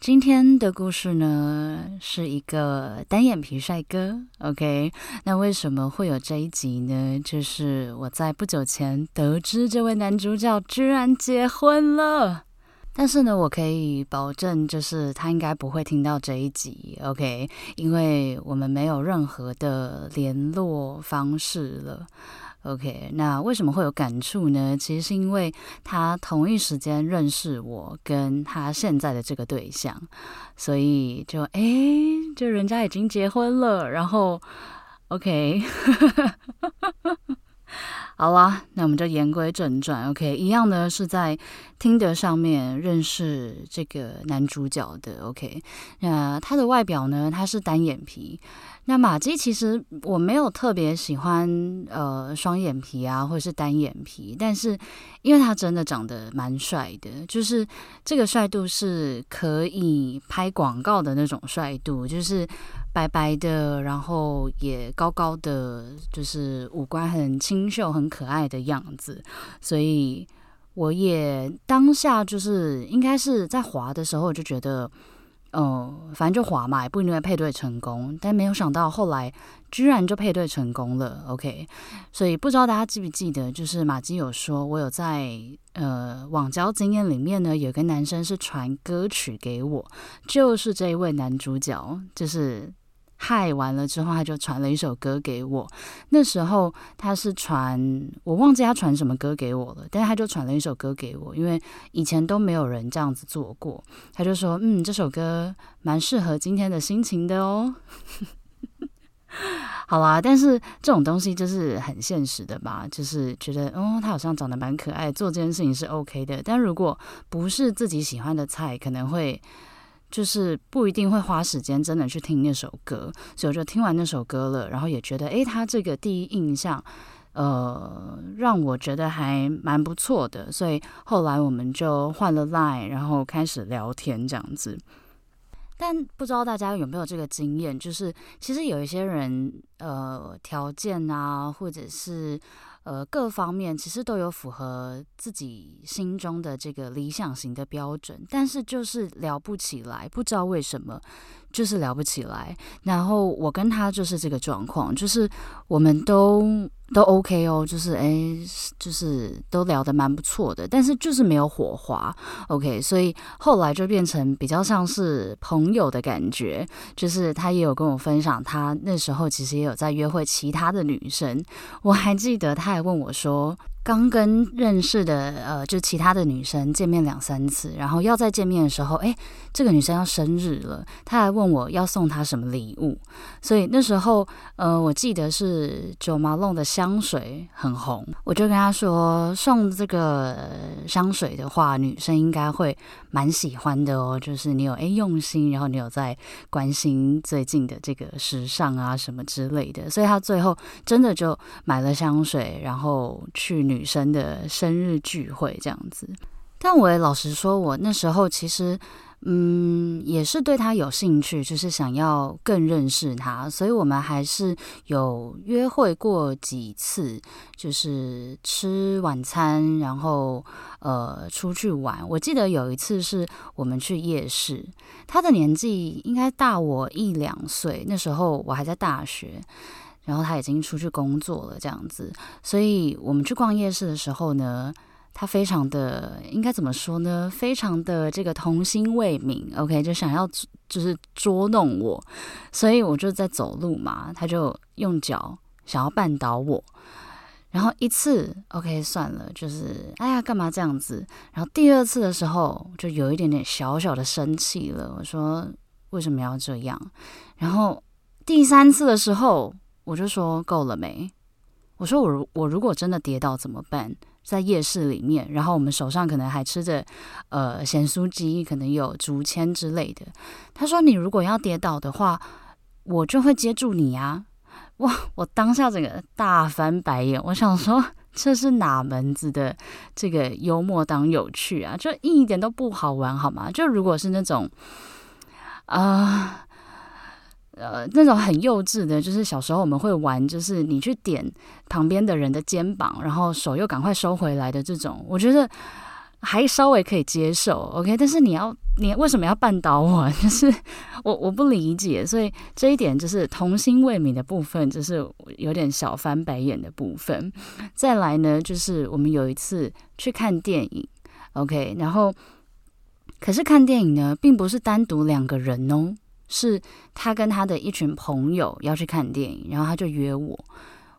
今天的故事呢，是一個單眼皮帥哥。OK，那為什麼會有這一集呢？就是我在不久前得知這位男主角居然結婚了。但是呢，我可以保證，就是他應該不會聽到這一集。OK，因為我們沒有任何的聯絡方式了。OK，那為什麼會有感觸呢？其實是因為他同一時間認識我跟他現在的這個對象，所以就，哎、欸，就人家已經結婚了，然後 OK。 好啦，那我們就言歸正傳。OK，一樣呢，是在聽得上面認識這個男主角的。OK，那他的外表呢，他是單眼皮。那瑪姬其實我沒有特別喜歡呃雙眼皮啊，或者是單眼皮，但是因為他真的長得蠻帥的，就是這個帥度是可以拍廣告的那種帥度，就是。白白的，然後也高高的，就是五官很清秀、很可愛的樣子。所以我也當下就是應該是在滑的時候，我就覺得，嗯、呃，反正就滑嘛，也不一定會配對成功。但沒有想到後來居然就配對成功了。OK，所以不知道大家記不記得，就是瑪姬有說，我有在呃網交經驗裡面呢，有個男生是傳歌曲給我，就是這一位男主角，就是。嗨，完了之後他就傳了一首歌給我。那時候他是傳，我忘記他傳什麼歌給我了，但是他就傳了一首歌給我，因為以前都沒有人這樣子做過。他就說：“嗯，這首歌蠻適合今天的心情的哦。 ”好啦，但是這種東西就是很現實的吧？就是覺得，嗯、哦，他好像長得蠻可愛，做這件事情是 OK 的。但如果不是自己喜歡的菜，可能會。就是不一定會花時間真的去聽那首歌，所以我就聽完那首歌了，然後也覺得，誒，他這個第一印象，呃，讓我覺得還蠻不錯的，所以後來我們就換了 LINE，然後開始聊天這樣子。但不知道大家有沒有這個經驗，就是其實有一些人，呃，條件啊，或者是，呃，各方面其實都有符合自己心中的這個理想型的標準，但是就是聊不起來，不知道為什麼。就是聊不起來，然後我跟他就是這個狀況，就是我們都都 OK 哦，就是哎，就是都聊得蠻不錯的，但是就是沒有火花，OK，所以後來就變成比較像是朋友的感覺，就是他也有跟我分享他，他那時候其實也有在約會其他的女生，我還記得他還問我說，剛跟認識的呃，就其他的女生見面兩三次，然後要再見面的時候，哎，這個女生要生日了，她還問我要送她什麼禮物。所以那時候，呃，我記得是 Jo Malone 的香水很紅，我就跟她說送這個香水的話，女生應該會蠻喜歡的哦，就是你有哎用心，然後你有在關心最近的這個時尚啊什麼之類的，所以她最後真的就買了香水，然後去。女生的生日聚會這樣子，但我也老實說，我那時候其實，嗯，也是對他有興趣，就是想要更認識他，所以我們還是有約會過幾次，就是吃晚餐，然後呃出去玩。我記得有一次是我們去夜市，他的年紀應該大我一兩歲，那時候我還在大學。然後他已經出去工作了，這樣子，所以我們去逛夜市的時候呢，他非常的應該怎麼說呢？非常的這個童心未泯，OK，就想要就是捉弄我，所以我就在走路嘛，他就用腳想要絆倒我，然後一次 OK 算了，就是哎呀幹嘛這樣子？然後第二次的時候就有一點點小小的生氣了，我說為什麼要這樣？然後第三次的時候。我就說夠了沒？我說我如我如果真的跌倒怎麼辦？在夜市裡面，然後我們手上可能還吃着呃鹹酥雞，可能有竹籤之類的。他說，你如果要跌倒的話，我就會接住你啊！哇！我當下整個大翻白眼，我想說這是哪門子的這個幽默當有趣啊？就一點都不好玩好嗎？就如果是那種啊。呃呃，那種很幼稚的，就是小時候我們會玩，就是你去點旁邊的人的肩膀，然後手又趕快收回來的這種，我覺得還稍微可以接受，OK。但是你要你為什麼要絆倒我？就是我我不理解，所以這一點就是童心未泯的部分，就是有點小翻白眼的部分。再來呢，就是我們有一次去看電影，OK，然後可是看電影呢，並不是單獨兩個人哦。是他跟他的一群朋友要去看電影，然後他就約我，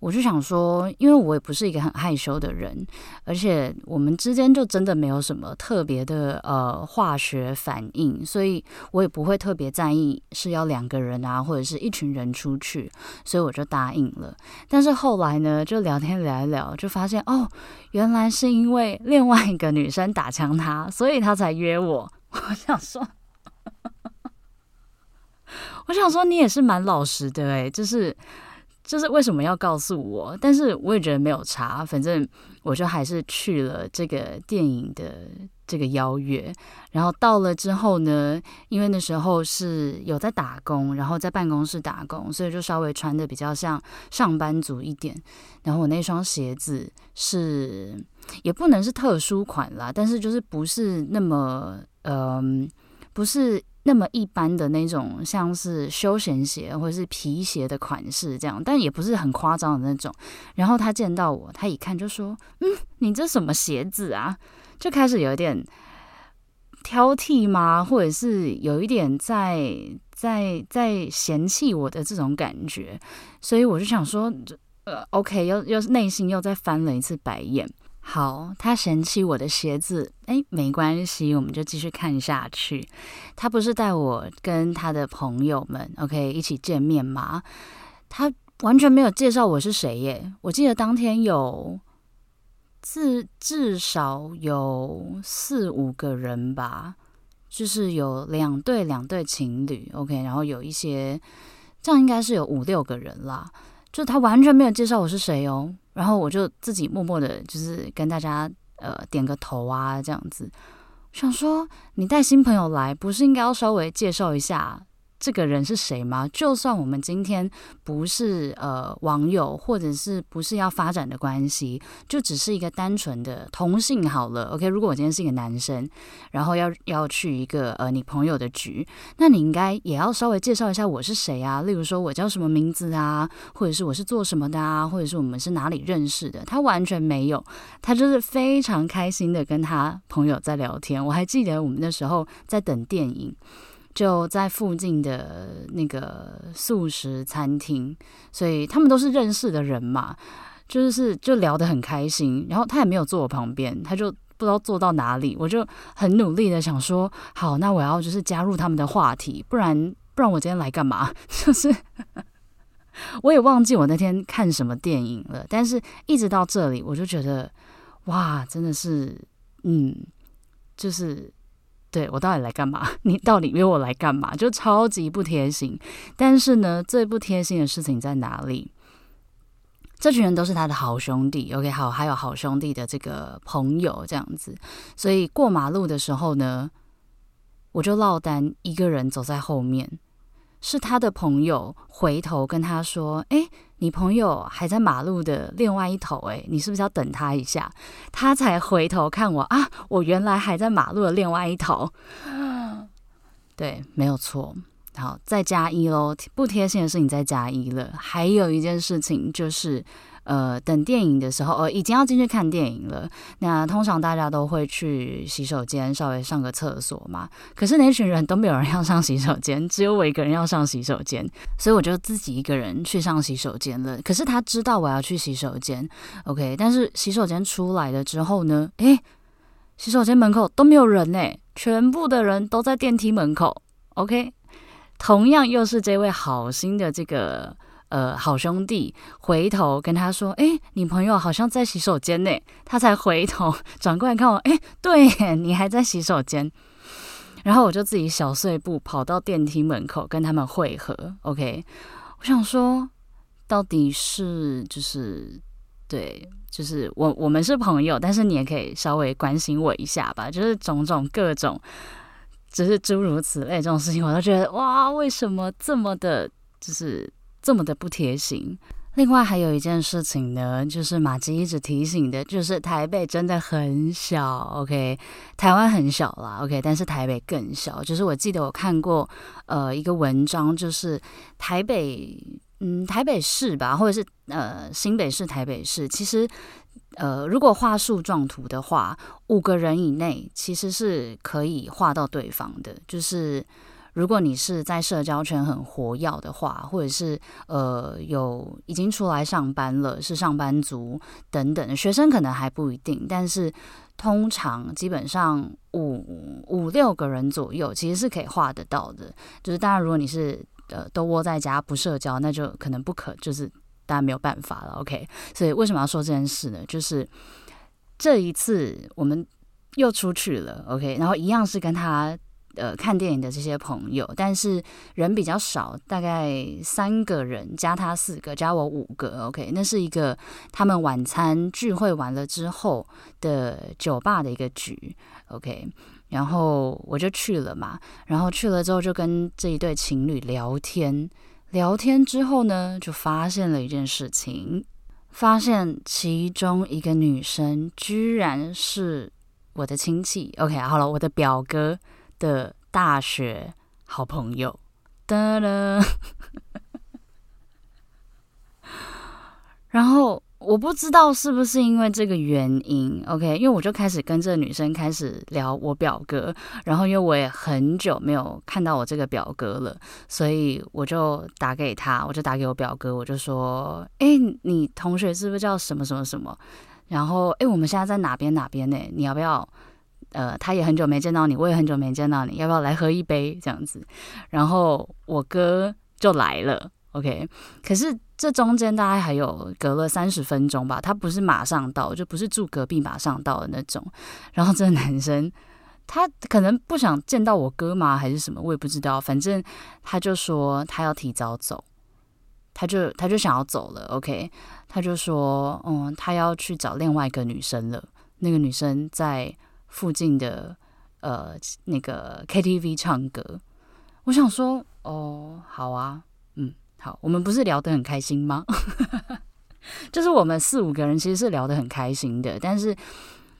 我就想說，因為我也不是一個很害羞的人，而且我們之間就真的沒有什麼特別的呃化學反應，所以我也不會特別在意是要兩個人啊，或者是一群人出去，所以我就答應了。但是後來呢，就聊天聊一聊，就發現哦，原來是因為另外一個女生打槍他，所以他才約我。我想說。我想說，你也是蠻老實的，欸，哎，就是就是為什麼要告訴我？但是我也覺得沒有差，反正我就還是去了這個電影的這個邀約。然後到了之後呢，因為那時候是有在打工，然後在辦公室打工，所以就稍微穿得比較像上班族一點。然後我那雙鞋子是也不能是特殊款啦，但是就是不是那麼嗯、呃，不是。那麼一般的那種，像是休閒鞋或是皮鞋的款式這樣，但也不是很誇張的那種。然後他見到我，他一看就說：“嗯，你這什麼鞋子啊？”就開始有一點挑剔嗎？或者是有一點在在在嫌棄我的這種感覺？所以我就想說，呃，OK，又又是內心又再翻了一次白眼。好，他嫌棄我的鞋子，哎、欸，沒關係，我們就繼續看下去。他不是帶我跟他的朋友們，OK，一起見面嗎？他完全沒有介紹我是誰耶。我記得當天有至至少有四五個人吧，就是有兩對兩對情侶，OK，然後有一些，這樣應該是有五六個人啦。就他完全沒有介紹我是誰哦、喔。然後我就自己默默的，就是跟大家呃點個頭啊，這樣子，想說你帶新朋友來，不是應該要稍微介紹一下，這個人是誰嗎？就算我們今天不是呃網友，或者是不是要發展的關係，就只是一個單純的同性好了。OK，如果我今天是一個男生，然後要要去一個呃你朋友的局，那你應該也要稍微介紹一下我是誰啊？例如說我叫什麼名字啊，或者是我是做什麼的啊，或者是我們是哪裡認識的？他完全沒有，他就是非常開心的跟他朋友在聊天。我還記得我們那時候在等電影。就在附近的那個素食餐廳，所以他們都是認識的人嘛，就是就聊得很開心。然後他也沒有坐我旁邊，他就不知道坐到哪裡。我就很努力的想說，好，那我要就是加入他們的話題，不然不然我今天來幹嘛？就是 我也忘記我那天看什麼電影了，但是一直到這裡，我就覺得哇，真的是，嗯，就是。對，我到底來幹嘛？你到底約我來幹嘛？就超級不貼心。但是呢，最不貼心的事情在哪裡？這群人都是他的好兄弟。OK，好，還有好兄弟的這個朋友這樣子。所以過馬路的時候呢，我就落單一個人走在後面。是他的朋友回頭跟他說：“哎、欸，你朋友還在馬路的另外一頭、欸，哎，你是不是要等他一下？”他才回頭看我啊，我原來還在馬路的另外一頭。對，沒有錯。好，再加一嘍。不貼心的是，你再加一了。還有一件事情就是。呃，等電影的時候，呃，已經要進去看電影了。那通常大家都會去洗手間稍微上個廁所嘛。可是那群人都沒有人要上洗手間，只有我一個人要上洗手間，所以我就自己一個人去上洗手間了。可是他知道我要去洗手間，OK。但是洗手間出來了之後呢？誒，洗手間門口都沒有人呢，全部的人都在電梯門口，OK。同樣又是這位好心的這個。呃，好兄弟，回頭跟他說，哎、欸，你朋友好像在洗手間呢。他才回頭轉過來看我，哎、欸，對，你還在洗手間。然後我就自己小碎步跑到電梯門口跟他們匯合。OK，我想說，到底是就是對，就是我我們是朋友，但是你也可以稍微關心我一下吧。就是種種各種，只、就是諸如此類這種事情，我都覺得哇，為什麼這麼的，就是。這麼的不貼心。另外還有一件事情呢，就是瑪姬一直提醒的，就是台北真的很小。OK，台灣很小啦。OK，但是台北更小。就是我記得我看過，呃，一個文章，就是台北，嗯，台北市吧，或者是呃，新北市、台北市，其實，呃，如果畫樹狀圖的話，五個人以內其實是可以畫到對方的，就是。如果你是在社交圈很活躍的話，或者是呃有已經出來上班了，是上班族等等，學生可能還不一定，但是通常基本上五五六個人左右其實是可以畫得到的。就是當然，如果你是呃都窩在家不社交，那就可能不可，就是大家沒有辦法了。OK，所以為什麼要說這件事呢？就是這一次我們又出去了，OK，然後一樣是跟他。呃，看電影的這些朋友，但是人比較少，大概三個人加他四個，加我五個，OK，那是一個他們晚餐聚會完了之後的酒吧的一個局，OK，然後我就去了嘛，然後去了之後就跟這一對情侶聊天，聊天之後呢，就發現了一件事情，發現其中一個女生居然是我的親戚，OK，好了，我的表哥。的大學好朋友，噠啦， 然後我不知道是不是因為這個原因，OK，因為我就開始跟這個女生開始聊我表哥，然後因為我也很久沒有看到我這個表哥了，所以我就打給他，我就打給我表哥，我就說，哎、欸，你同學是不是叫什麼什麼什麼？然後，哎、欸，我們現在在哪邊哪邊呢、欸？你要不要？呃，他也很久沒見到你，我也很久沒見到你，要不要來喝一杯這樣子？然後我哥就來了，OK。可是這中間大概還有隔了三十分鐘吧，他不是馬上到，就不是住隔壁馬上到的那種。然後這男生他可能不想見到我哥嗎，還是什麼，我也不知道。反正他就說他要提早走，他就他就想要走了，OK。他就說，嗯，他要去找另外一個女生了，那個女生在。附近的呃那個 KTV 唱歌，我想說哦，好啊，嗯，好，我們不是聊得很開心嗎？ 就是我們四五個人其實是聊得很開心的，但是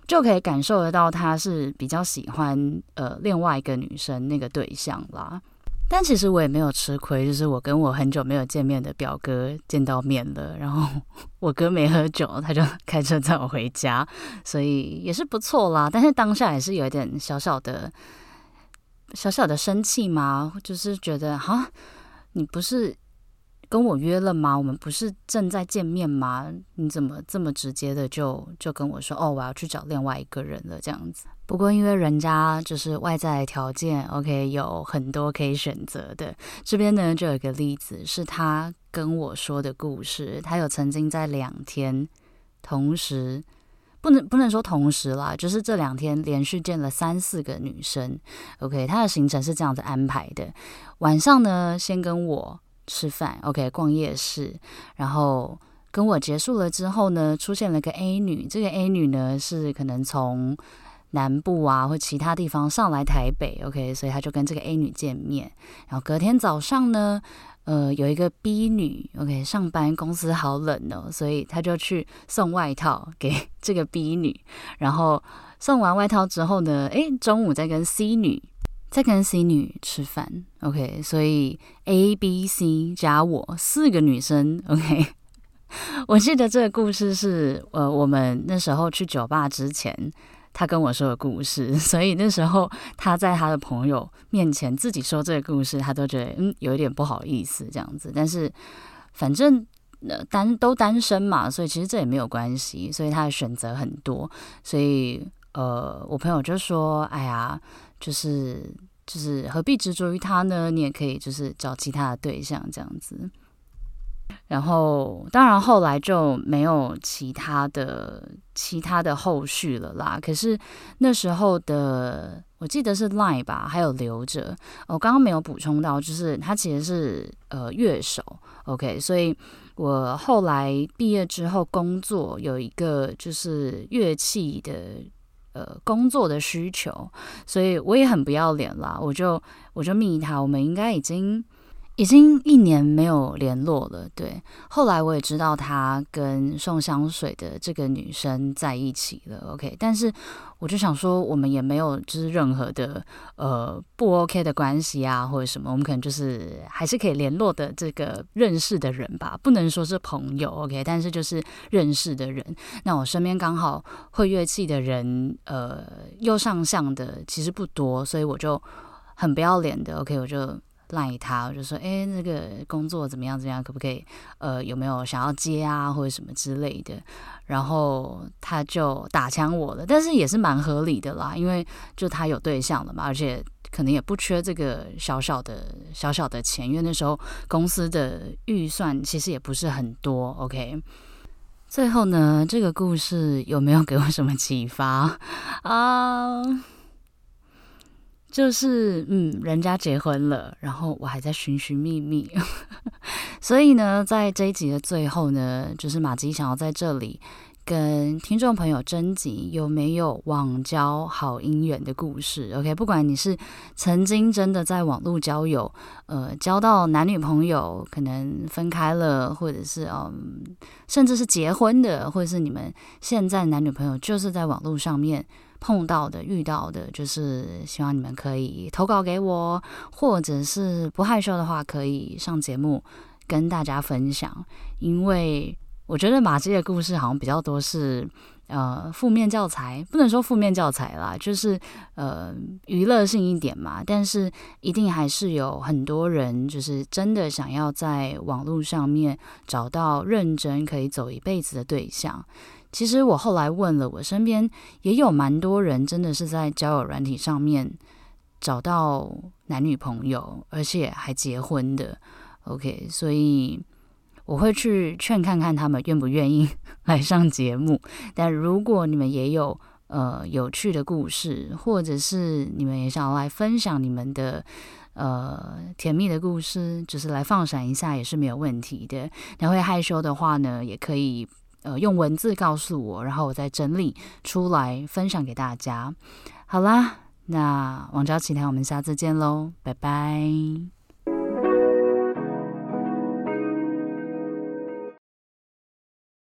就可以感受得到他是比較喜歡呃另外一個女生那個對象啦。但其實我也沒有吃虧，就是我跟我很久沒有見面的表哥見到面了，然後我哥沒喝酒，他就開車載我回家，所以也是不錯啦。但是當下也是有一點小小的、小小的生氣嘛，就是覺得哈，你不是。跟我約了嗎？我們不是正在見面嗎？你怎麼這麼直接的就就跟我說哦，我要去找另外一個人了這樣子。不過因為人家就是外在條件，OK，有很多可以選擇的。這邊呢，就有一個例子是他跟我說的故事，他有曾經在兩天同時不能、不能說同時啦，就是這兩天連續見了三四個女生。OK，他的行程是這樣子安排的，晚上呢，先跟我，吃飯，OK，逛夜市，然後跟我結束了之後呢，出現了個 A 女，這個 A 女呢是可能從南部啊或其他地方上來台北，OK，所以他就跟這個 A 女見面，然後隔天早上呢，呃，有一個 B 女，OK，上班公司好冷哦，所以他就去送外套給這個 B 女，然後送完外套之後呢，誒，中午再跟 C 女。在跟 C 女吃飯，OK，所以 A、B、C 加我四個女生，OK。 我記得這個故事是，呃，我們那時候去酒吧之前，他跟我說的故事。所以那時候他在他的朋友面前自己說這個故事，他都覺得嗯，有一點不好意思這樣子。但是反正、呃、單都單身嘛，所以其實這也沒有關係。所以他的選擇很多。所以呃，我朋友就說：“哎呀。”就是就是何必執着於他呢？你也可以就是找其他的對象這樣子。然後當然後來就沒有其他的其他的後續了啦。可是那時候的我記得是 Line 吧，還有留着。我剛剛沒有補充到，就是他其實是呃樂手。OK，所以我後來畢業之後工作有一個就是樂器的。呃，工作的需求，所以我也很不要臉啦，我就我就密他，我們應該已經。已經一年沒有聯絡了，對。後來我也知道他跟送香水的這個女生在一起了，OK。但是我就想說，我們也沒有就是任何的呃不 OK 的關係啊，或者什麼，我們可能就是還是可以聯絡的這個認識的人吧，不能說是朋友，OK。但是就是認識的人，那我身邊剛好會樂器的人，呃，又上相的其實不多，所以我就很不要臉的，OK，我就。賴他，我就說，哎、欸，那個工作怎麼樣？怎麼樣？可不可以？呃，有沒有想要接啊，或者什麼之類的？然後他就打槍我了，但是也是蠻合理的啦，因為就他有對象了嘛，而且可能也不缺這個小小的、小小的錢，因為那時候公司的預算其實也不是很多。OK，最後呢，這個故事有沒有給我什麼啟發啊？Uh 就是嗯，人家結婚了，然後我還在尋尋覓覓， 所以呢，在這一集的最後呢，就是瑪姬想要在這裡跟聽眾朋友徵集有沒有網交好姻緣的故事。OK，不管你是曾經真的在網絡交友，呃，交到男女朋友，可能分開了，或者是嗯，甚至是結婚的，或者是你們現在男女朋友就是在網絡上面。碰到的、遇到的，就是希望你們可以投稿給我，或者是不害羞的話，可以上節目跟大家分享。因為我覺得瑪姬的故事好像比較多是呃負面教材，不能說負面教材啦，就是呃娛樂性一點嘛。但是一定還是有很多人，就是真的想要在網絡上面找到認真可以走一輩子的對象。其實我後來問了，我身邊也有蠻多人真的是在交友軟體上面找到男女朋友，而且還結婚的。OK，所以我會去勸看看他們願不願意來上節目。但如果你們也有呃有趣的故事，或者是你們也想來分享你們的呃甜蜜的故事，只是來放閃一下也是沒有問題的。那會害羞的話呢，也可以。呃，用文字告訴我，然後我再整理出來分享給大家。好啦，那王昭淇台，我們下次見嘍，拜拜。